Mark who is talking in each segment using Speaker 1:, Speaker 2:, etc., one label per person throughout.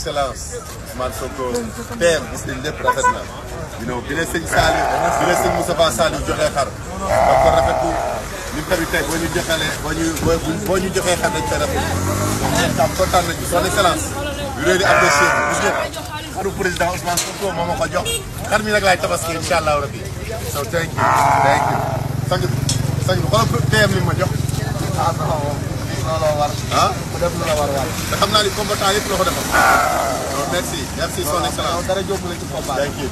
Speaker 1: excellence Ousmane Sonko père gis nañ lépp rafet na you know bi la sëñ Saliou
Speaker 2: bi la sëñ Moustapha Saliou joxee xar da ko rafetlu ñun tamit tey boo ñu joxalee boo ñu boo ñu joxee xar dañ koy rafetlu tam kontaan nañu son excellence yu réew di apprécié gis ngeen xaru président Ousmane Sonko moo ma ko jox xar mi nag laay tabaski incha allahu rabbi so thank you thank you sang sang xoolal PM li ma jox ah non non war ah def te xam naa ni combattant yëpp la ko defal. Ah. merci merci son ah, excellence. dara jóg la ci combat. thank you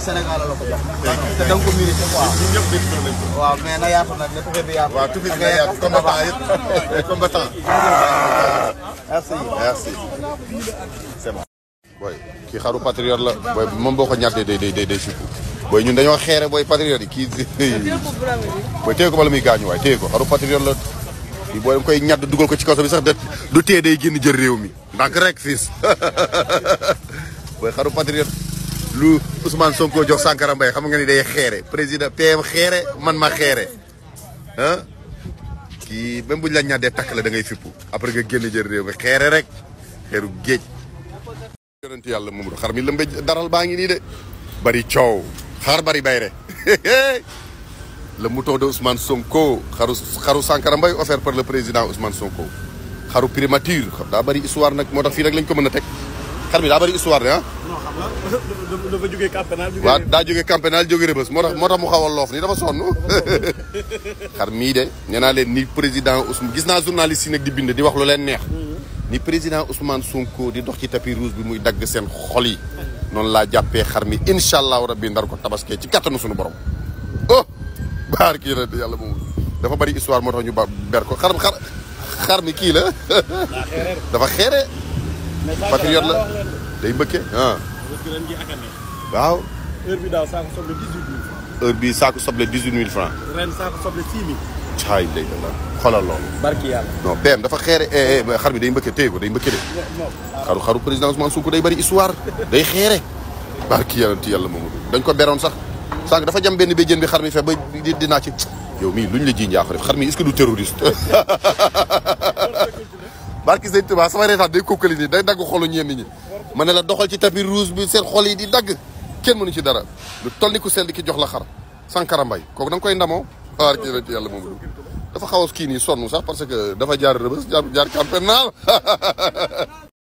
Speaker 2: Sénégal la ko jox. Ah, waaw mais na yaatu nag ne tufe bi yaatu. waaw tufe bi na yaatu combattant yëpp combattant. merci merci. c'est
Speaker 1: booy kii xaru patriote la. moom boo ko ñàkkee day day day day booy ñun dañoo xeere booy patriote yi kii booy téye ko bala muy gaañu waaye téye ko xaru patriote la i koy ñadd dugal ko ci kaso bi sax de du téye day génn jël réew mi ndànk rek fiis booy xaru patriote lu Ousmane Sonko jox Sankara Mbaye xam nga ni day xeere président PM xeere man ma xeere ah kii même buñ la ñaddee takk la da ngay fippu après nga génn jël réew mi xeere rek xeeru géej yonent yàlla moom xar mi lëmbe daral baa ngi nii de bari coow xar bari bayre la mouton de Ousmane Sonko xaru xaru Sankara Mbaye offert par le président Ousmane Sonko xaru primature xam daa bëri histoire nag moo tax fii rek lañ ko mën a teg xar bi daa bëri histoire daa jógee camp pénal jógee rëbës moo tax moo tax mu a mii de nee naa leen ni président Ousmane gis naa journaliste yi nag di bind di wax lu leen neex. Mm-hmm. ni président Ousmane Sonko di dox ci tapis rouge bi muy dagg seen xol yi. noonu laa jàppee xar mi incha allahu rabbi ndar ko tabaskee ci kattanu suñu borom oh baar kii la yàlla moom dafa bari histoire moo tax ñu ba ber ko xar xar mi kii la dafa xeere patriote la day mbëkke ah. heure bi daaw soble dix-huit mille francs
Speaker 2: bi saako
Speaker 1: caay day ah. da la xoolal loolu. barki yàlla non PM dafa xeere eh, eh, xar bi day mbëkke téye ko day mbëkke de. xaru xaru président Ousmane Sonko day bari histoire day xeere. barki yàlla ti yàlla Mamadou dañ ko beroon sax sànq dafa jam benn béjjén bi xar mi fe ba dinaa ci yow mii luñ la ji njaaxu def xar mi est-ce que du terroriste. barki sëñ Tuubaa sama reetaan day kokkali nii day dagg xolu ñeen ñi ma ne la doxal ci tapis rouge bi seen xol yi di dagg kenn mënu ci dara lu toll ni ku sell ki jox la xar Sankara Mbaye kooku da koy ndamoo xawaar ki yonent yàlla moom dafa xaw a kii nii sonn sax parce que dafa jaar rëbës jaar jaar campagne